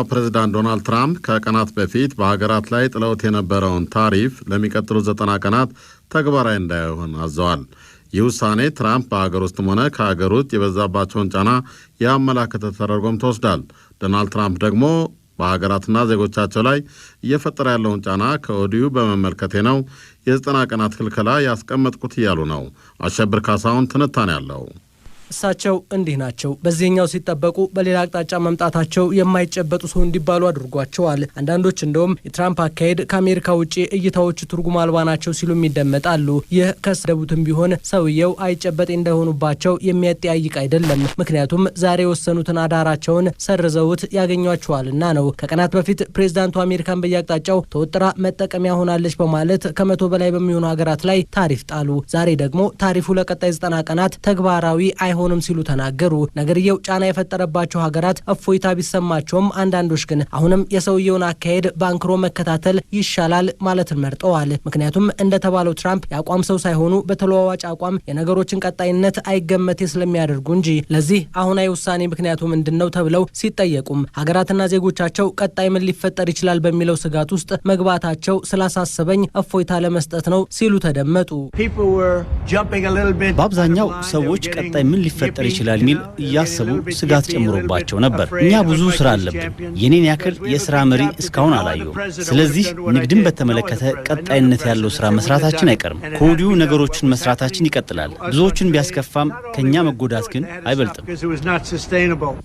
የአሜሪካው ፕሬዝዳንት ዶናልድ ትራምፕ ከቀናት በፊት በሀገራት ላይ ጥለውት የነበረውን ታሪፍ ለሚቀጥሉት ዘጠና ቀናት ተግባራዊ እንዳይሆን አዘዋል። ይህ ውሳኔ ትራምፕ በሀገር ውስጥም ሆነ ከሀገር ውስጥ የበዛባቸውን ጫና ያመላከተ ተደርጎም ተወስዷል። ዶናልድ ትራምፕ ደግሞ በሀገራትና ዜጎቻቸው ላይ እየፈጠረ ያለውን ጫና ከወዲሁ በመመልከቴ ነው የዘጠና ቀናት ክልከላ ያስቀመጥኩት እያሉ ነው። አሸብር ካሳውን ትንታኔ አለው። እሳቸው እንዲህ ናቸው። በዚህኛው ሲጠበቁ በሌላ አቅጣጫ መምጣታቸው የማይጨበጡ ሰው እንዲባሉ አድርጓቸዋል። አንዳንዶች እንደውም የትራምፕ አካሄድ ከአሜሪካ ውጭ እይታዎች ትርጉም አልባ ናቸው ሲሉም ይደመጣሉ። ይህ ከስደቡትም ቢሆን ሰውየው አይጨበጥ እንደሆኑባቸው የሚያጠያይቅ አይደለም። ምክንያቱም ዛሬ የወሰኑትን አዳራቸውን ሰርዘውት ያገኟቸዋልና ነው። ከቀናት በፊት ፕሬዚዳንቱ አሜሪካን በየአቅጣጫው ተወጥራ መጠቀሚያ ሆናለች በማለት ከመቶ በላይ በሚሆኑ ሀገራት ላይ ታሪፍ ጣሉ። ዛሬ ደግሞ ታሪፉ ለቀጣይ ዘጠና ቀናት ተግባራዊ አይሆ አይሆንም ሲሉ ተናገሩ። ነገርየው ጫና የፈጠረባቸው ሀገራት እፎይታ ቢሰማቸውም አንዳንዶች ግን አሁንም የሰውየውን አካሄድ በአንክሮ መከታተል ይሻላል ማለትን መርጠዋል። ምክንያቱም እንደተባለው ትራምፕ የአቋም ሰው ሳይሆኑ በተለዋዋጭ አቋም የነገሮችን ቀጣይነት አይገመቴ ስለሚያደርጉ እንጂ ለዚህ አሁናዊ ውሳኔ ምክንያቱ ምንድን ነው ተብለው ሲጠየቁም ሀገራትና ዜጎቻቸው ቀጣይ ምን ሊፈጠር ይችላል በሚለው ስጋት ውስጥ መግባታቸው ስላሳሰበኝ እፎይታ ለመስጠት ነው ሲሉ ተደመጡ። በአብዛኛው ሰዎች ቀጣይ ምን ሊፈጠር ይችላል የሚል እያሰቡ ስጋት ጨምሮባቸው ነበር። እኛ ብዙ ስራ አለብን። የኔን ያክል የስራ መሪ እስካሁን አላየሁም። ስለዚህ ንግድን በተመለከተ ቀጣይነት ያለው ስራ መስራታችን አይቀርም። ከወዲሁ ነገሮችን መስራታችን ይቀጥላል። ብዙዎችን ቢያስከፋም ከእኛ መጎዳት ግን አይበልጥም።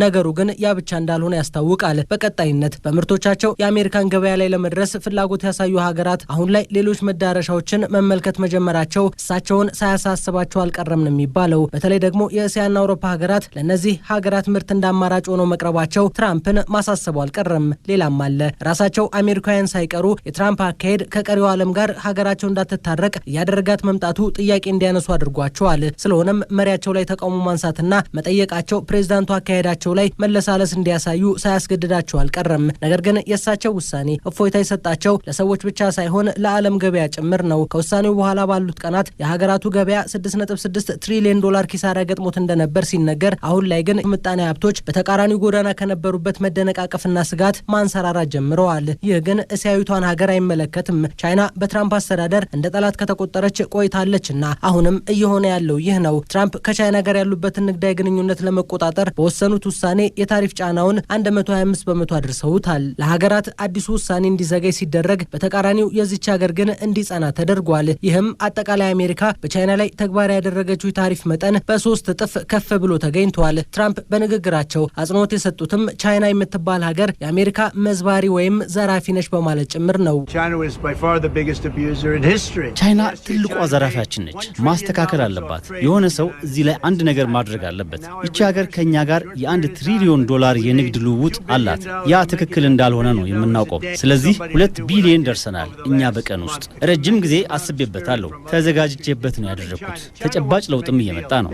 ነገሩ ግን ያ ብቻ እንዳልሆነ ያስታውቃል። በቀጣይነት በምርቶቻቸው የአሜሪካን ገበያ ላይ ለመድረስ ፍላጎት ያሳዩ ሀገራት አሁን ላይ ሌሎች መዳረሻዎችን መመልከት መጀመራቸው እሳቸውን ሳያሳስባቸው አልቀረም ነው የሚባለው። በተለይ ደግሞ የእስ የእስያና አውሮፓ ሀገራት ለእነዚህ ሀገራት ምርት እንዳማራጭ ሆኖ መቅረባቸው ትራምፕን ማሳሰቡ አልቀረም። ሌላም አለ። ራሳቸው አሜሪካውያን ሳይቀሩ የትራምፕ አካሄድ ከቀሪው ዓለም ጋር ሀገራቸው እንዳትታረቅ እያደረጋት መምጣቱ ጥያቄ እንዲያነሱ አድርጓቸዋል። ስለሆነም መሪያቸው ላይ ተቃውሞ ማንሳትና መጠየቃቸው ፕሬዚዳንቱ አካሄዳቸው ላይ መለሳለስ እንዲያሳዩ ሳያስገድዳቸው አልቀረም። ነገር ግን የእሳቸው ውሳኔ እፎይታ የሰጣቸው ለሰዎች ብቻ ሳይሆን ለዓለም ገበያ ጭምር ነው። ከውሳኔው በኋላ ባሉት ቀናት የሀገራቱ ገበያ 6.6 ትሪሊዮን ዶላር ኪሳራ ገጥሞት እንደነበር ሲነገር፣ አሁን ላይ ግን ምጣኔ ሀብቶች በተቃራኒው ጎዳና ከነበሩበት መደነቃቀፍና ስጋት ማንሰራራት ጀምረዋል። ይህ ግን እስያዊቷን ሀገር አይመለከትም። ቻይና በትራምፕ አስተዳደር እንደ ጠላት ከተቆጠረች ቆይታለችና አሁንም እየሆነ ያለው ይህ ነው። ትራምፕ ከቻይና ጋር ያሉበትን ንግዳዊ ግንኙነት ለመቆጣጠር በወሰኑት ውሳኔ የታሪፍ ጫናውን 125 በመቶ አድርሰውታል። ለሀገራት አዲሱ ውሳኔ እንዲዘገይ ሲደረግ፣ በተቃራኒው የዚች ሀገር ግን እንዲጸና ተደርጓል። ይህም አጠቃላይ አሜሪካ በቻይና ላይ ተግባራዊ ያደረገችው የታሪፍ መጠን በሶስት እጥፍ ከፍ ብሎ ተገኝተዋል። ትራምፕ በንግግራቸው አጽንኦት የሰጡትም ቻይና የምትባል ሀገር የአሜሪካ መዝባሪ ወይም ዘራፊ ነች በማለት ጭምር ነው። ቻይና ትልቋ ዘራፊያችን ነች። ማስተካከል አለባት። የሆነ ሰው እዚህ ላይ አንድ ነገር ማድረግ አለበት። ይቺ ሀገር ከእኛ ጋር የአንድ ትሪሊዮን ዶላር የንግድ ልውውጥ አላት። ያ ትክክል እንዳልሆነ ነው የምናውቀው። ስለዚህ ሁለት ቢሊዮን ደርሰናል እኛ በቀን ውስጥ። ረጅም ጊዜ አስቤበታለሁ። ተዘጋጅቼበት ነው ያደረግኩት። ተጨባጭ ለውጥም እየመጣ ነው።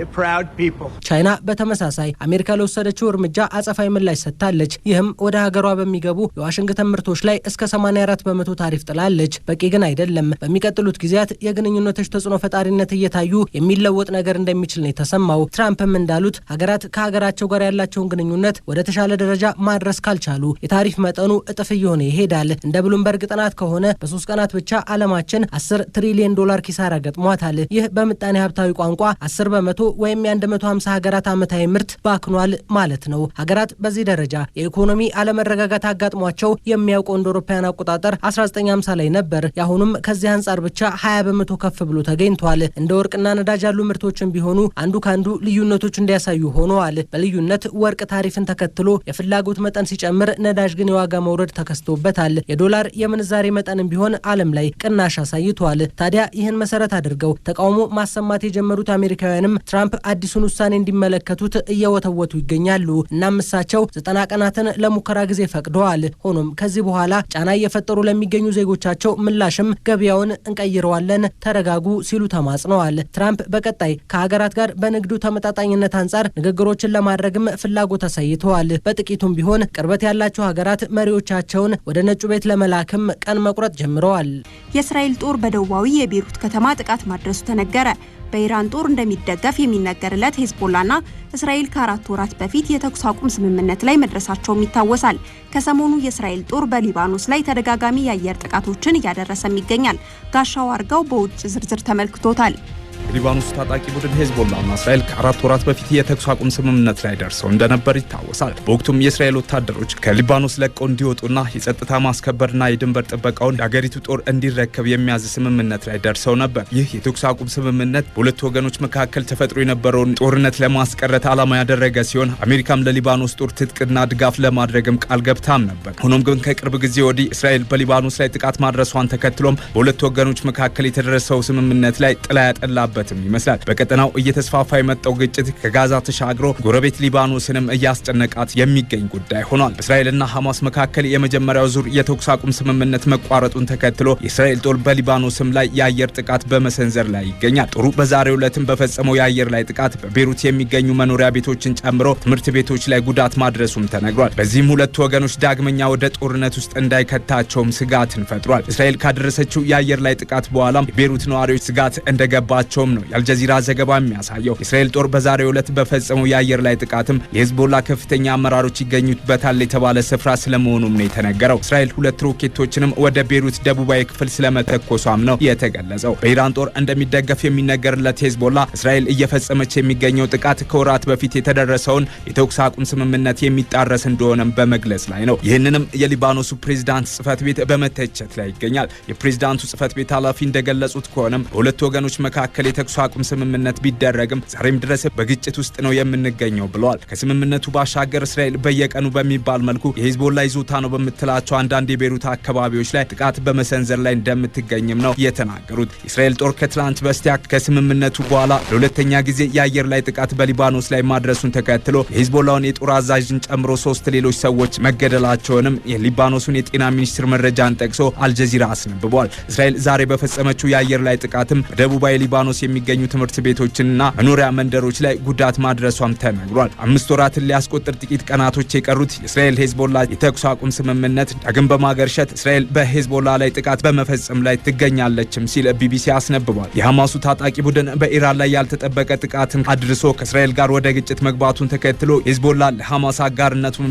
ቻይና በተመሳሳይ አሜሪካ ለወሰደችው እርምጃ አጸፋዊ ምላሽ ሰጥታለች። ይህም ወደ ሀገሯ በሚገቡ የዋሽንግተን ምርቶች ላይ እስከ 84 በመቶ ታሪፍ ጥላለች። በቂ ግን አይደለም። በሚቀጥሉት ጊዜያት የግንኙነቶች ተጽዕኖ ፈጣሪነት እየታዩ የሚለወጥ ነገር እንደሚችል ነው የተሰማው። ትራምፕም እንዳሉት ሀገራት ከሀገራቸው ጋር ያላቸውን ግንኙነት ወደ ተሻለ ደረጃ ማድረስ ካልቻሉ የታሪፍ መጠኑ እጥፍ እየሆነ ይሄዳል። እንደ ብሉምበርግ ጥናት ከሆነ በሶስት ቀናት ብቻ ዓለማችን 10 ትሪሊዮን ዶላር ኪሳራ ገጥሟታል። ይህ በምጣኔ ሀብታዊ ቋንቋ 10 በመቶ ወይም 150 ሀገራት ዓመታዊ ምርት ባክኗል ማለት ነው። ሀገራት በዚህ ደረጃ የኢኮኖሚ አለመረጋጋት አጋጥሟቸው የሚያውቀው እንደ አውሮፓውያን አቆጣጠር 1950 ላይ ነበር። የአሁኑም ከዚህ አንጻር ብቻ 20 በመቶ ከፍ ብሎ ተገኝቷል። እንደ ወርቅና ነዳጅ ያሉ ምርቶችን ቢሆኑ አንዱ ከአንዱ ልዩነቶች እንዲያሳዩ ሆነዋል። በልዩነት ወርቅ ታሪፍን ተከትሎ የፍላጎት መጠን ሲጨምር፣ ነዳጅ ግን የዋጋ መውረድ ተከስቶበታል። የዶላር የምንዛሬ መጠንም ቢሆን ዓለም ላይ ቅናሽ አሳይቷል። ታዲያ ይህን መሰረት አድርገው ተቃውሞ ማሰማት የጀመሩት አሜሪካውያንም ትራምፕ አዲሱን የዳኞችን ውሳኔ እንዲመለከቱት እየወተወቱ ይገኛሉ። እናም እሳቸው ዘጠና ቀናትን ለሙከራ ጊዜ ፈቅደዋል። ሆኖም ከዚህ በኋላ ጫና እየፈጠሩ ለሚገኙ ዜጎቻቸው ምላሽም ገበያውን እንቀይረዋለን፣ ተረጋጉ ሲሉ ተማጽነዋል። ትራምፕ በቀጣይ ከሀገራት ጋር በንግዱ ተመጣጣኝነት አንጻር ንግግሮችን ለማድረግም ፍላጎት አሳይተዋል። በጥቂቱም ቢሆን ቅርበት ያላቸው ሀገራት መሪዎቻቸውን ወደ ነጩ ቤት ለመላክም ቀን መቁረጥ ጀምረዋል። የእስራኤል ጦር በደቡባዊ የቤሩት ከተማ ጥቃት ማድረሱ ተነገረ። በኢራን ጦር እንደሚደገፍ የሚነገርለት ሄዝቦላና እስራኤል ከአራት ወራት በፊት የተኩስ አቁም ስምምነት ላይ መድረሳቸውም ይታወሳል። ከሰሞኑ የእስራኤል ጦር በሊባኖስ ላይ ተደጋጋሚ የአየር ጥቃቶችን እያደረሰም ይገኛል። ጋሻው አርጋው በውጭ ዝርዝር ተመልክቶታል። የሊባኖስ ታጣቂ ቡድን ሄዝቦላና እስራኤል ከአራት ወራት በፊት የተኩስ አቁም ስምምነት ላይ ደርሰው እንደነበር ይታወሳል። በወቅቱም የእስራኤል ወታደሮች ከሊባኖስ ለቀው እንዲወጡና የጸጥታ ማስከበርና የድንበር ጥበቃውን የአገሪቱ ጦር እንዲረከብ የሚያዝ ስምምነት ላይ ደርሰው ነበር። ይህ የተኩስ አቁም ስምምነት በሁለቱ ወገኖች መካከል ተፈጥሮ የነበረውን ጦርነት ለማስቀረት ዓላማ ያደረገ ሲሆን አሜሪካም ለሊባኖስ ጦር ትጥቅና ድጋፍ ለማድረግም ቃል ገብታም ነበር። ሆኖም ግን ከቅርብ ጊዜ ወዲህ እስራኤል በሊባኖስ ላይ ጥቃት ማድረሷን ተከትሎም በሁለቱ ወገኖች መካከል የተደረሰው ስምምነት ላይ ጥላ ያጠላበት ያለበትም ይመስላል። በቀጠናው እየተስፋፋ የመጣው ግጭት ከጋዛ ተሻግሮ ጎረቤት ሊባኖስንም እያስጨነቃት የሚገኝ ጉዳይ ሆኗል። በእስራኤልና ሐማስ መካከል የመጀመሪያው ዙር የተኩስ አቁም ስምምነት መቋረጡን ተከትሎ የእስራኤል ጦር በሊባኖስም ላይ የአየር ጥቃት በመሰንዘር ላይ ይገኛል። ጦሩ በዛሬው ዕለትም በፈጸመው የአየር ላይ ጥቃት በቤሩት የሚገኙ መኖሪያ ቤቶችን ጨምሮ ትምህርት ቤቶች ላይ ጉዳት ማድረሱም ተነግሯል። በዚህም ሁለቱ ወገኖች ዳግመኛ ወደ ጦርነት ውስጥ እንዳይከታቸውም ስጋትን ፈጥሯል። እስራኤል ካደረሰችው የአየር ላይ ጥቃት በኋላም የቤሩት ነዋሪዎች ስጋት እንደገባቸውም መሆኑም ነው የአልጀዚራ ዘገባ የሚያሳየው። የእስራኤል ጦር በዛሬው ዕለት በፈጸመው የአየር ላይ ጥቃትም የሄዝቦላ ከፍተኛ አመራሮች ይገኙበታል የተባለ ስፍራ ስለመሆኑም ነው የተነገረው። እስራኤል ሁለት ሮኬቶችንም ወደ ቤሩት ደቡባዊ ክፍል ስለመተኮሷም ነው የተገለጸው። በኢራን ጦር እንደሚደገፍ የሚነገርለት ሄዝቦላ እስራኤል እየፈጸመች የሚገኘው ጥቃት ከወራት በፊት የተደረሰውን የተኩስ አቁም ስምምነት የሚጣረስ እንደሆነም በመግለጽ ላይ ነው። ይህንንም የሊባኖሱ ፕሬዝዳንት ጽህፈት ቤት በመተቸት ላይ ይገኛል። የፕሬዝዳንቱ ጽህፈት ቤት ኃላፊ እንደገለጹት ከሆነም በሁለቱ ወገኖች መካከል የተ የተኩስ አቁም ስምምነት ቢደረግም ዛሬም ድረስ በግጭት ውስጥ ነው የምንገኘው ብለዋል። ከስምምነቱ ባሻገር እስራኤል በየቀኑ በሚባል መልኩ የሂዝቦላ ይዞታ ነው በምትላቸው አንዳንድ የቤሩት አካባቢዎች ላይ ጥቃት በመሰንዘር ላይ እንደምትገኝም ነው የተናገሩት። የእስራኤል ጦር ከትላንት በስቲያ ከስምምነቱ በኋላ ለሁለተኛ ጊዜ የአየር ላይ ጥቃት በሊባኖስ ላይ ማድረሱን ተከትሎ የሂዝቦላውን የጦር አዛዥን ጨምሮ ሶስት ሌሎች ሰዎች መገደላቸውንም የሊባኖሱን የጤና ሚኒስትር መረጃን ጠቅሶ አልጀዚራ አስነብቧል። እስራኤል ዛሬ በፈጸመችው የአየር ላይ ጥቃትም በደቡባዊ ሊባኖስ የሚገኙ ትምህርት ቤቶችና መኖሪያ መንደሮች ላይ ጉዳት ማድረሷም ተነግሯል። አምስት ወራትን ሊያስቆጥር ጥቂት ቀናቶች የቀሩት የእስራኤል ሄዝቦላ የተኩስ አቁም ስምምነት ዳግም በማገርሸት እስራኤል በሄዝቦላ ላይ ጥቃት በመፈጸም ላይ ትገኛለችም ሲል ቢቢሲ አስነብቧል። የሐማሱ ታጣቂ ቡድን በኢራን ላይ ያልተጠበቀ ጥቃትን አድርሶ ከእስራኤል ጋር ወደ ግጭት መግባቱን ተከትሎ ሄዝቦላ ለሐማስ አጋርነቱን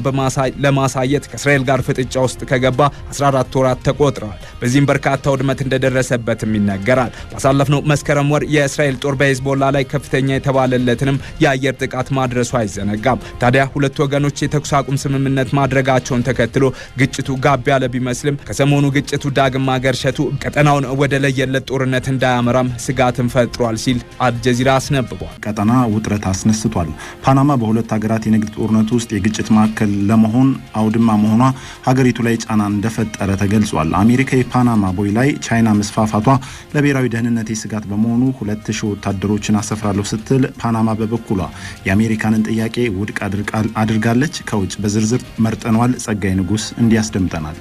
ለማሳየት ከእስራኤል ጋር ፍጥጫ ውስጥ ከገባ 14 ወራት ተቆጥረዋል። በዚህም በርካታ ውድመት እንደደረሰበትም ይነገራል። ባሳለፍነው መስከረም ወር የእስራኤል ጦር በሄዝቦላ ላይ ከፍተኛ የተባለለትንም የአየር ጥቃት ማድረሱ አይዘነጋም። ታዲያ ሁለት ወገኖች የተኩስ አቁም ስምምነት ማድረጋቸውን ተከትሎ ግጭቱ ጋብ ያለ ቢመስልም ከሰሞኑ ግጭቱ ዳግም ማገርሸቱ ቀጠናውን ወደ ለየለት ጦርነት እንዳያመራም ስጋትን ፈጥሯል ሲል አልጀዚራ አስነብቧል። ቀጠና ውጥረት አስነስቷል። ፓናማ በሁለት ሀገራት የንግድ ጦርነት ውስጥ የግጭት ማዕከል ለመሆን አውድማ መሆኗ ሀገሪቱ ላይ ጫና እንደፈጠረ ተገልጿል። አሜሪካ የፓናማ ቦይ ላይ ቻይና መስፋፋቷ ለብሔራዊ ደህንነት ስጋት በመሆኑ ሁለት ሁለት ሺህ ወታደሮችን አሰፍራለሁ ስትል ፓናማ በበኩሏ የአሜሪካንን ጥያቄ ውድቅ አድርጋለች። ከውጭ በዝርዝር መርጠኗል። ጸጋይ ንጉስ እንዲያስደምጠናል።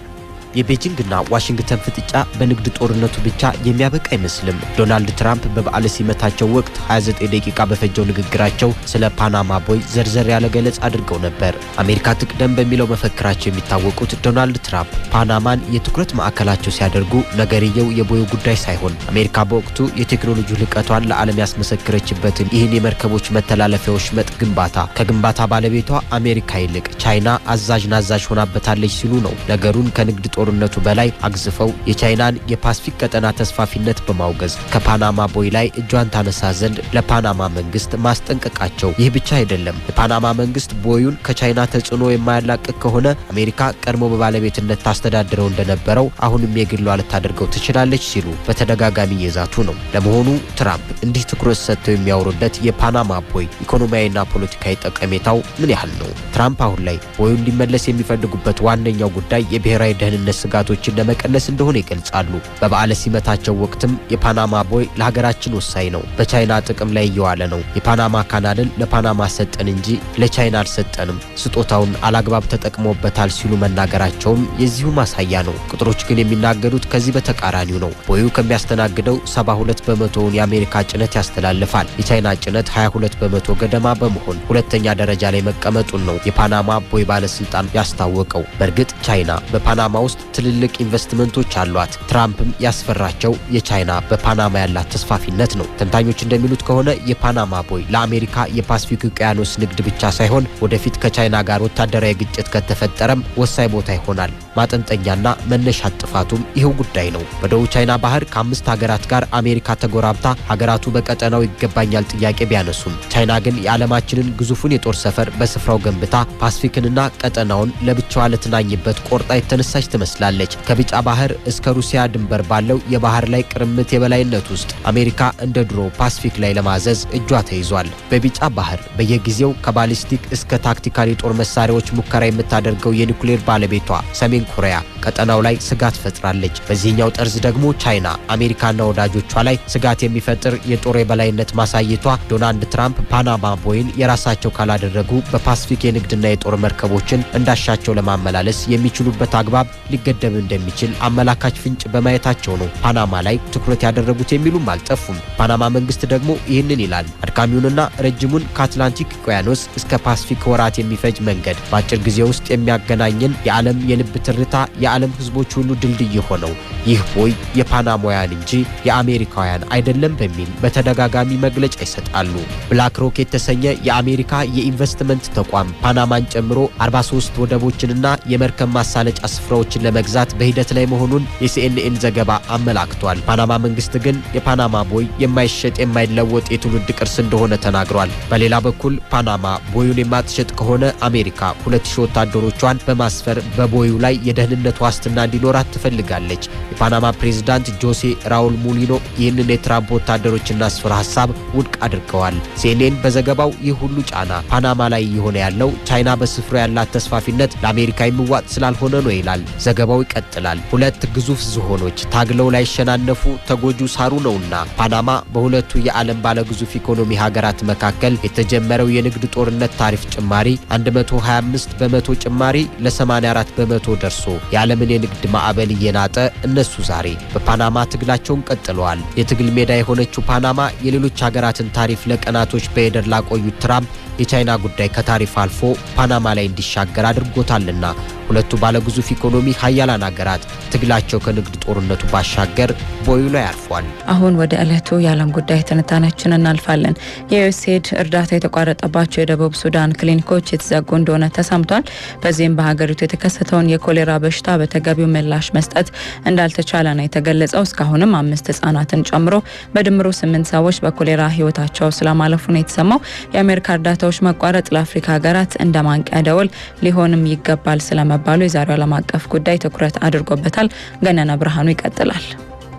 የቤጂንግና ዋሽንግተን ፍጥጫ በንግድ ጦርነቱ ብቻ የሚያበቃ አይመስልም። ዶናልድ ትራምፕ በበዓለ ሲመታቸው ወቅት 29 ደቂቃ በፈጀው ንግግራቸው ስለ ፓናማ ቦይ ዘርዘር ያለ ገለጽ አድርገው ነበር። አሜሪካ ትቅደም በሚለው መፈክራቸው የሚታወቁት ዶናልድ ትራምፕ ፓናማን የትኩረት ማዕከላቸው ሲያደርጉ ነገርየው የቦዩ ጉዳይ ሳይሆን አሜሪካ በወቅቱ የቴክኖሎጂ ልቀቷን ለዓለም ያስመሰክረችበትን ይህን የመርከቦች መተላለፊያዎች መጥ ግንባታ ከግንባታ ባለቤቷ አሜሪካ ይልቅ ቻይና አዛዥ ናዛዥ ሆናበታለች ሲሉ ነው ነገሩን ከንግድ ጦርነቱ በላይ አግዝፈው የቻይናን የፓስፊክ ቀጠና ተስፋፊነት በማውገዝ ከፓናማ ቦይ ላይ እጇን ታነሳ ዘንድ ለፓናማ መንግስት ማስጠንቀቃቸው። ይህ ብቻ አይደለም። የፓናማ መንግስት ቦዩን ከቻይና ተጽዕኖ የማያላቅቅ ከሆነ አሜሪካ ቀድሞ በባለቤትነት ታስተዳድረው እንደነበረው አሁንም የግሏ ልታደርገው ትችላለች ሲሉ በተደጋጋሚ የዛቱ ነው። ለመሆኑ ትራምፕ እንዲህ ትኩረት ሰጥተው የሚያወሩለት የፓናማ ቦይ ኢኮኖሚያዊና ፖለቲካዊ ጠቀሜታው ምን ያህል ነው? ትራምፕ አሁን ላይ ቦዩ እንዲመለስ የሚፈልጉበት ዋነኛው ጉዳይ የብሔራዊ ደህንነት የመመለስ ስጋቶችን ለመቀነስ እንደሆነ ይገልጻሉ። በበዓለ ሲመታቸው ወቅትም የፓናማ ቦይ ለሀገራችን ወሳኝ ነው፣ በቻይና ጥቅም ላይ እየዋለ ነው። የፓናማ ካናልን ለፓናማ ሰጠን እንጂ ለቻይና አልሰጠንም፣ ስጦታውን አላግባብ ተጠቅሞበታል ሲሉ መናገራቸውም የዚሁ ማሳያ ነው። ቁጥሮች ግን የሚናገሩት ከዚህ በተቃራኒው ነው። ቦዩ ከሚያስተናግደው 72 በመቶውን የአሜሪካ ጭነት ያስተላልፋል። የቻይና ጭነት 22 በመቶ ገደማ በመሆን ሁለተኛ ደረጃ ላይ መቀመጡን ነው የፓናማ ቦይ ባለስልጣን ያስታወቀው። በእርግጥ ቻይና በፓናማ ውስጥ ውስጥ ትልልቅ ኢንቨስትመንቶች አሏት። ትራምፕም ያስፈራቸው የቻይና በፓናማ ያላት ተስፋፊነት ነው። ተንታኞች እንደሚሉት ከሆነ የፓናማ ቦይ ለአሜሪካ የፓስፊክ ውቅያኖስ ንግድ ብቻ ሳይሆን ወደፊት ከቻይና ጋር ወታደራዊ ግጭት ከተፈጠረም ወሳኝ ቦታ ይሆናል። ማጠንጠኛና መነሻ ጥፋቱም ይኸው ጉዳይ ነው። በደቡብ ቻይና ባህር ከአምስት ሀገራት ጋር አሜሪካ ተጎራብታ ሀገራቱ በቀጠናው ይገባኛል ጥያቄ ቢያነሱም ቻይና ግን የዓለማችንን ግዙፉን የጦር ሰፈር በስፍራው ገንብታ ፓስፊክንና ቀጠናውን ለብቻዋ ለትናኝበት ቆርጣ የተነሳች ትመስላል። ትመስላለች። ከቢጫ ባህር እስከ ሩሲያ ድንበር ባለው የባህር ላይ ቅርምት የበላይነት ውስጥ አሜሪካ እንደ ድሮ ፓስፊክ ላይ ለማዘዝ እጇ ተይዟል። በቢጫ ባህር በየጊዜው ከባሊስቲክ እስከ ታክቲካል የጦር መሳሪያዎች ሙከራ የምታደርገው የኒኩሌር ባለቤቷ ሰሜን ኮሪያ ቀጠናው ላይ ስጋት ፈጥራለች። በዚህኛው ጠርዝ ደግሞ ቻይና አሜሪካና ወዳጆቿ ላይ ስጋት የሚፈጥር የጦር የበላይነት ማሳየቷ ዶናልድ ትራምፕ ፓናማ ቦይን የራሳቸው ካላደረጉ በፓስፊክ የንግድና የጦር መርከቦችን እንዳሻቸው ለማመላለስ የሚችሉበት አግባብ ሊገደብ እንደሚችል አመላካች ፍንጭ በማየታቸው ነው ፓናማ ላይ ትኩረት ያደረጉት የሚሉም አልጠፉም። ፓናማ መንግስት ደግሞ ይህንን ይላል። አድካሚውንና ረጅሙን ከአትላንቲክ ውቅያኖስ እስከ ፓስፊክ ወራት የሚፈጅ መንገድ በአጭር ጊዜ ውስጥ የሚያገናኝን የዓለም የልብ ትርታ የዓለም ህዝቦች ሁሉ ድልድይ የሆነው ይህ ቦይ የፓናማውያን እንጂ የአሜሪካውያን አይደለም በሚል በተደጋጋሚ መግለጫ ይሰጣሉ። ብላክ ሮክ የተሰኘ የአሜሪካ የኢንቨስትመንት ተቋም ፓናማን ጨምሮ 43 ወደቦችንና የመርከብ ማሳለጫ ስፍራዎችን ለመግዛት በሂደት ላይ መሆኑን የሲኤንኤን ዘገባ አመላክቷል። ፓናማ መንግስት ግን የፓናማ ቦይ የማይሸጥ የማይለወጥ የትውልድ ቅርስ እንደሆነ ተናግሯል። በሌላ በኩል ፓናማ ቦዩን የማትሸጥ ከሆነ አሜሪካ ሁለት ሺህ ወታደሮቿን በማስፈር በቦዩ ላይ የደህንነት ዋስትና እንዲኖራት ትፈልጋለች። የፓናማ ፕሬዝዳንት ጆሴ ራውል ሙሊኖ ይህንን የትራምፕ ወታደሮችና ስፍር ሀሳብ ውድቅ አድርገዋል። ሲኤንኤን በዘገባው ይህ ሁሉ ጫና ፓናማ ላይ የሆነ ያለው ቻይና በስፍራ ያላት ተስፋፊነት ለአሜሪካ የሚዋጥ ስላልሆነ ነው ይላል። ዘገባው ይቀጥላል። ሁለት ግዙፍ ዝሆኖች ታግለው ላይሸናነፉ ተጎጁ ሳሩ ነውና ፓናማ በሁለቱ የዓለም ባለግዙፍ ኢኮኖሚ ሀገራት መካከል የተጀመረው የንግድ ጦርነት ታሪፍ ጭማሪ 125 በመቶ ጭማሪ ለ84 በመቶ ደርሶ የዓለምን የንግድ ማዕበል እየናጠ እነሱ ዛሬ በፓናማ ትግላቸውን ቀጥለዋል። የትግል ሜዳ የሆነችው ፓናማ የሌሎች ሀገራትን ታሪፍ ለቀናቶች በሄደር ላቆዩት ትራምፕ የቻይና ጉዳይ ከታሪፍ አልፎ ፓናማ ላይ እንዲሻገር አድርጎታልና ሁለቱ ባለግዙፍ ኢኮኖሚ ሀያላን ሀገራት ትግላቸው ከንግድ ጦርነቱ ባሻገር ቦዩ ላይ አርፏል። አሁን ወደ ዕለቱ የዓለም ጉዳይ ትንታኔያችን እናልፋለን። የዩኤስኤድ እርዳታ የተቋረጠባቸው የደቡብ ሱዳን ክሊኒኮች የተዘጉ እንደሆነ ተሰምቷል። በዚህም በሀገሪቱ የተከሰተውን የኮሌራ በሽታ በተገቢው ምላሽ መስጠት እንዳልተቻለ ነው የተገለጸው። እስካሁንም አምስት ህጻናትን ጨምሮ በድምሩ ስምንት ሰዎች በኮሌራ ህይወታቸው ስለማለፉ ነው የተሰማው። የአሜሪካ እርዳታዎች መቋረጥ ለአፍሪካ ሀገራት እንደ ማንቂያ ደወል ሊሆንም ይገባል ስለመባሉ የዛሬው ዓለም አቀፍ ጉዳይ ትኩረት አድርጎበታል። ገነነ ብርሃኑ ይቀጥላል።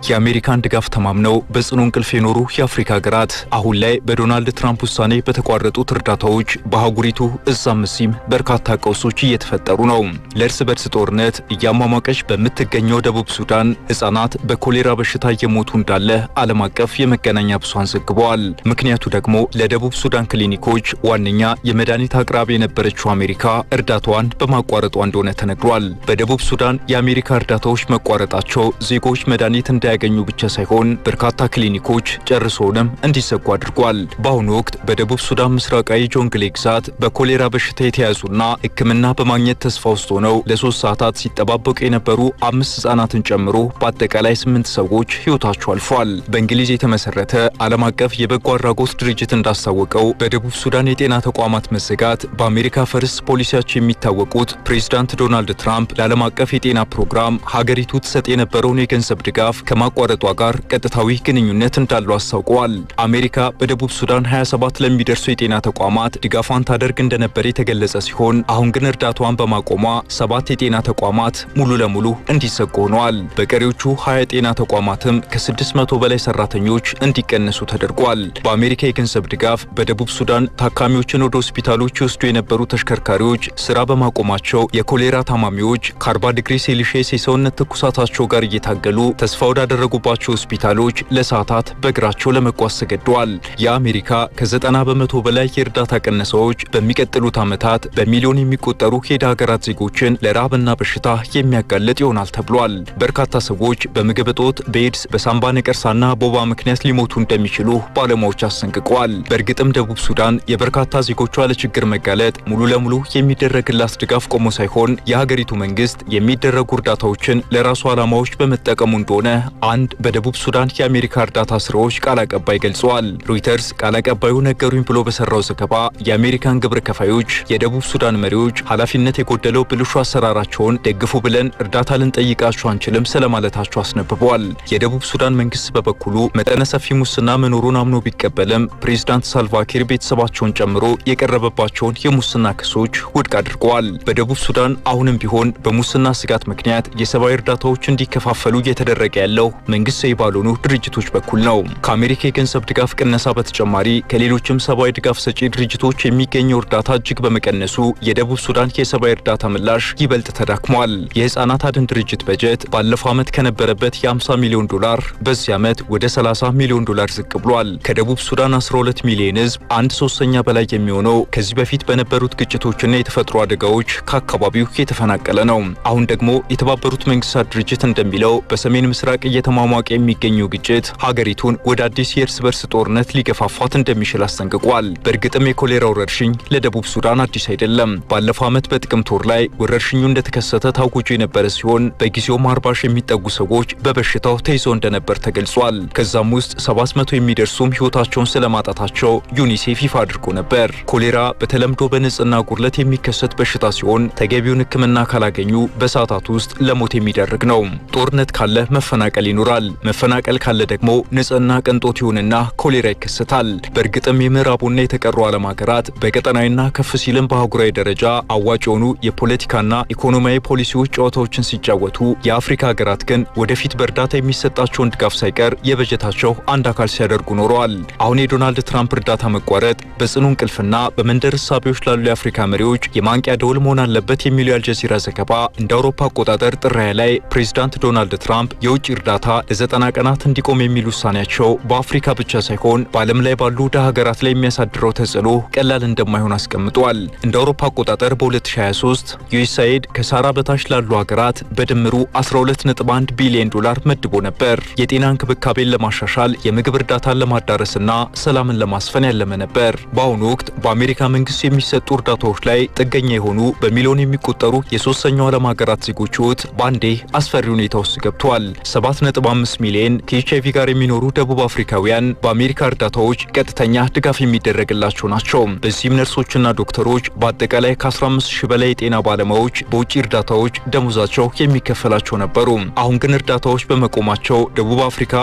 የአሜሪካን ድጋፍ ተማምነው በጽኑ እንቅልፍ የኖሩ የአፍሪካ ሀገራት አሁን ላይ በዶናልድ ትራምፕ ውሳኔ በተቋረጡት እርዳታዎች በአህጉሪቱ እዛም እዚህም በርካታ ቀውሶች እየተፈጠሩ ነው። ለእርስ በርስ ጦርነት እያሟሟቀች በምትገኘው ደቡብ ሱዳን ሕፃናት በኮሌራ በሽታ እየሞቱ እንዳለ ዓለም አቀፍ የመገናኛ ብዙሃን ዘግበዋል። ምክንያቱ ደግሞ ለደቡብ ሱዳን ክሊኒኮች ዋነኛ የመድኃኒት አቅራቢ የነበረችው አሜሪካ እርዳታዋን በማቋረጧ እንደሆነ ተነግሯል። በደቡብ ሱዳን የአሜሪካ እርዳታዎች መቋረጣቸው ዜጎች መድኃኒት እንዳ እንዳያገኙ ብቻ ሳይሆን በርካታ ክሊኒኮች ጨርሶውንም እንዲዘጉ አድርጓል። በአሁኑ ወቅት በደቡብ ሱዳን ምስራቃዊ ጆንግሌ ግዛት በኮሌራ በሽታ የተያዙና ሕክምና በማግኘት ተስፋ ውስጥ ሆነው ለሶስት ሰዓታት ሲጠባበቁ የነበሩ አምስት ህጻናትን ጨምሮ በአጠቃላይ ስምንት ሰዎች ህይወታቸው አልፏል። በእንግሊዝ የተመሰረተ ዓለም አቀፍ የበጎ አድራጎት ድርጅት እንዳስታወቀው በደቡብ ሱዳን የጤና ተቋማት መዘጋት በአሜሪካ ፈርስት ፖሊሲያቸው የሚታወቁት ፕሬዚዳንት ዶናልድ ትራምፕ ለዓለም አቀፍ የጤና ፕሮግራም ሀገሪቱ ትሰጥ የነበረውን የገንዘብ ድጋፍ ከ ከማቋረጧ ጋር ቀጥታዊ ግንኙነት እንዳለው አስታውቀዋል። አሜሪካ በደቡብ ሱዳን 27 ለሚደርሱ የጤና ተቋማት ድጋፏን ታደርግ እንደነበር የተገለጸ ሲሆን አሁን ግን እርዳታዋን በማቆሟ ሰባት የጤና ተቋማት ሙሉ ለሙሉ እንዲዘጉ ሆነዋል። በቀሪዎቹ 20 የጤና ተቋማትም ከ600 በላይ ሰራተኞች እንዲቀነሱ ተደርጓል። በአሜሪካ የገንዘብ ድጋፍ በደቡብ ሱዳን ታካሚዎችን ወደ ሆስፒታሎች ይወስዱ የነበሩ ተሽከርካሪዎች ስራ በማቆማቸው የኮሌራ ታማሚዎች ከ40 ዲግሪ ሴልሺየስ የሰውነት ትኩሳታቸው ጋር እየታገሉ ተስፋ ወዳደ ያደረጉባቸው ሆስፒታሎች ለሰዓታት በእግራቸው ለመጓዝ ተገደዋል። የአሜሪካ ከዘጠና በመቶ በላይ የእርዳታ ቅነሳዎች በሚቀጥሉት ዓመታት በሚሊዮን የሚቆጠሩ ሄደ ሀገራት ዜጎችን ለራብና በሽታ የሚያጋልጥ ይሆናል ተብሏል። በርካታ ሰዎች በምግብ እጦት፣ በኤድስ፣ በሳምባ ነቀርሳና ቦባ ምክንያት ሊሞቱ እንደሚችሉ ባለሙያዎች አስጠንቅቀዋል። በእርግጥም ደቡብ ሱዳን የበርካታ ዜጎቿ ለችግር መጋለጥ ሙሉ ለሙሉ የሚደረግላት ድጋፍ ቆሞ ሳይሆን የሀገሪቱ መንግስት የሚደረጉ እርዳታዎችን ለራሱ ዓላማዎች በመጠቀሙ እንደሆነ አንድ በደቡብ ሱዳን የአሜሪካ እርዳታ ስራዎች ቃል አቀባይ ገልጸዋል። ሮይተርስ ቃል አቀባዩ ነገሩኝ ብሎ በሰራው ዘገባ የአሜሪካን ግብር ከፋዮች የደቡብ ሱዳን መሪዎች ኃላፊነት የጎደለው ብልሹ አሰራራቸውን ደግፉ ብለን እርዳታ ልንጠይቃቸው አንችልም ስለማለታቸው አስነብበዋል። የደቡብ ሱዳን መንግስት በበኩሉ መጠነ ሰፊ ሙስና መኖሩን አምኖ ቢቀበልም ፕሬዚዳንት ሳልቫኪር ቤተሰባቸውን ጨምሮ የቀረበባቸውን የሙስና ክሶች ውድቅ አድርገዋል። በደቡብ ሱዳን አሁንም ቢሆን በሙስና ስጋት ምክንያት የሰብአዊ እርዳታዎች እንዲከፋፈሉ እየተደረገ ያለው መንግስታዊ ባልሆኑ ድርጅቶች በኩል ነው። ከአሜሪካ የገንዘብ ድጋፍ ቅነሳ በተጨማሪ ከሌሎችም ሰብአዊ ድጋፍ ሰጪ ድርጅቶች የሚገኘው እርዳታ እጅግ በመቀነሱ የደቡብ ሱዳን የሰብአዊ እርዳታ ምላሽ ይበልጥ ተዳክሟል። የህፃናት አድን ድርጅት በጀት ባለፈው ዓመት ከነበረበት የ50 ሚሊዮን ዶላር በዚህ ዓመት ወደ 30 ሚሊዮን ዶላር ዝቅ ብሏል። ከደቡብ ሱዳን 12 ሚሊዮን ህዝብ አንድ ሶስተኛ በላይ የሚሆነው ከዚህ በፊት በነበሩት ግጭቶችና የተፈጥሮ አደጋዎች ከአካባቢው የተፈናቀለ ነው። አሁን ደግሞ የተባበሩት መንግስታት ድርጅት እንደሚለው በሰሜን ምስራቅ እየተሟሟቀ የሚገኘው ግጭት ሀገሪቱን ወደ አዲስ የእርስ በርስ ጦርነት ሊገፋፋት እንደሚችል አስጠንቅቋል። በእርግጥም የኮሌራ ወረርሽኝ ለደቡብ ሱዳን አዲስ አይደለም። ባለፈው ዓመት በጥቅምት ወር ላይ ወረርሽኙ እንደተከሰተ ታውጆ የነበረ ሲሆን በጊዜውም አርባ ሺህ የሚጠጉ ሰዎች በበሽታው ተይዘው እንደነበር ተገልጿል። ከዛም ውስጥ ሰባት መቶ የሚደርሱም ህይወታቸውን ስለማጣታቸው ዩኒሴፍ ይፋ አድርጎ ነበር። ኮሌራ በተለምዶ በንጽህና ጉድለት የሚከሰት በሽታ ሲሆን ተገቢውን ሕክምና ካላገኙ በሰዓታት ውስጥ ለሞት የሚደረግ ነው። ጦርነት ካለ መፈናቀል ይኖራል። መፈናቀል ካለ ደግሞ ንጽህና ቅንጦት ይሁንና ኮሌራ ይከሰታል። በእርግጥም የምዕራቡና የተቀሩ ዓለም ሀገራት በቀጠናዊና ከፍ ሲልም በአህጉራዊ ደረጃ አዋጭ የሆኑ የፖለቲካና ኢኮኖሚያዊ ፖሊሲዎች ጨዋታዎችን ሲጫወቱ፣ የአፍሪካ ሀገራት ግን ወደፊት በእርዳታ የሚሰጣቸውን ድጋፍ ሳይቀር የበጀታቸው አንድ አካል ሲያደርጉ ኖረዋል። አሁን የዶናልድ ትራምፕ እርዳታ መቋረጥ በጽኑ እንቅልፍና በመንደር እሳቤዎች ላሉ የአፍሪካ መሪዎች የማንቂያ ደወል መሆን አለበት የሚለው የአልጀዚራ ዘገባ እንደ አውሮፓ አቆጣጠር ጥር ላይ ፕሬዚዳንት ዶናልድ ትራምፕ የውጭ እርዳታ እርዳታ ለዘጠና ቀናት እንዲቆም የሚል ውሳኔያቸው በአፍሪካ ብቻ ሳይሆን በዓለም ላይ ባሉ ወደ ሀገራት ላይ የሚያሳድረው ተጽዕኖ ቀላል እንደማይሆን አስቀምጧል። እንደ አውሮፓ አቆጣጠር በ2023 ዩኤስአይድ ከሳራ በታች ላሉ ሀገራት በድምሩ 12.1 ቢሊዮን ዶላር መድቦ ነበር። የጤና እንክብካቤን ለማሻሻል፣ የምግብ እርዳታን ለማዳረስና ሰላምን ለማስፈን ያለመ ነበር። በአሁኑ ወቅት በአሜሪካ መንግስት የሚሰጡ እርዳታዎች ላይ ጥገኛ የሆኑ በሚሊዮን የሚቆጠሩ የሶስተኛው ዓለም ሀገራት ዜጎች ሕይወት በአንዴ አስፈሪ ሁኔታ ውስጥ ገብቷል። 7 5 ሚሊዮን አይቪ ጋር የሚኖሩ ደቡብ አፍሪካውያን በአሜሪካ እርዳታዎች ቀጥተኛ ድጋፍ የሚደረግላቸው ናቸው። በዚህም ነርሶችና ዶክተሮች በአጠቃላይ ከ15 ሺህ በላይ የጤና ባለሙያዎች በውጭ እርዳታዎች ደሞዛቸው የሚከፈላቸው ነበሩ። አሁን ግን እርዳታዎች በመቆማቸው ደቡብ አፍሪካ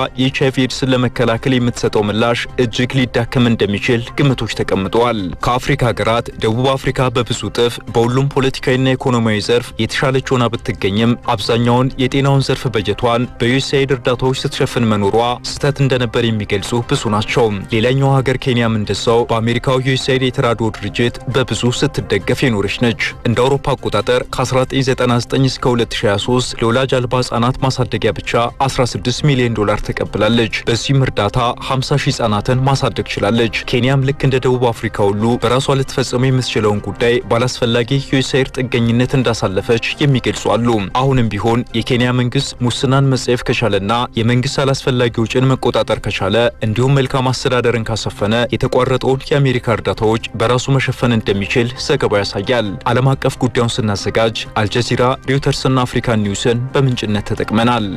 አይቪ ኤድስን ለመከላከል የምትሰጠው ምላሽ እጅግ ሊዳከም እንደሚችል ግምቶች ተቀምጠዋል። ከአፍሪካ ሀገራት ደቡብ አፍሪካ በብዙ ጥፍ በሁሉም ፖለቲካዊና ኢኮኖሚያዊ ዘርፍ የተሻለች ሆና ብትገኝም አብዛኛውን የጤናውን ዘርፍ በጀቷን በዩኤስ ሳይድ እርዳታዎች ስትሸፍን መኖሯ ስህተት እንደነበር የሚገልጹ ብዙ ናቸው። ሌላኛው ሀገር ኬንያም እንደዛው በአሜሪካው ዩኤስኤድ የተራድኦ ድርጅት በብዙ ስትደገፍ የኖረች ነች። እንደ አውሮፓ አቆጣጠር ከ1999 እስከ 2023 ለወላጅ አልባ ህጻናት ማሳደጊያ ብቻ 16 ሚሊዮን ዶላር ተቀብላለች። በዚህም እርዳታ 50 ሺህ ህጻናትን ማሳደግ ችላለች። ኬንያም ልክ እንደ ደቡብ አፍሪካ ሁሉ በራሷ ልትፈጽመው የምትችለውን ጉዳይ ባላስፈላጊ ዩኤስኤድ ጥገኝነት እንዳሳለፈች የሚገልጹ አሉ። አሁንም ቢሆን የኬንያ መንግስት ሙስናን መጸየፍ ከቻለና የመንግስት አላስፈላጊ ውጭን መቆጣጠር ከቻለ እንዲሁም መልካም አስተዳደርን ካሰፈነ የተቋረጠውን የአሜሪካ እርዳታዎች በራሱ መሸፈን እንደሚችል ዘገባው ያሳያል። ዓለም አቀፍ ጉዳዩን ስናዘጋጅ አልጀዚራ፣ ሪውተርስና አፍሪካን ኒውስን በምንጭነት ተጠቅመናል።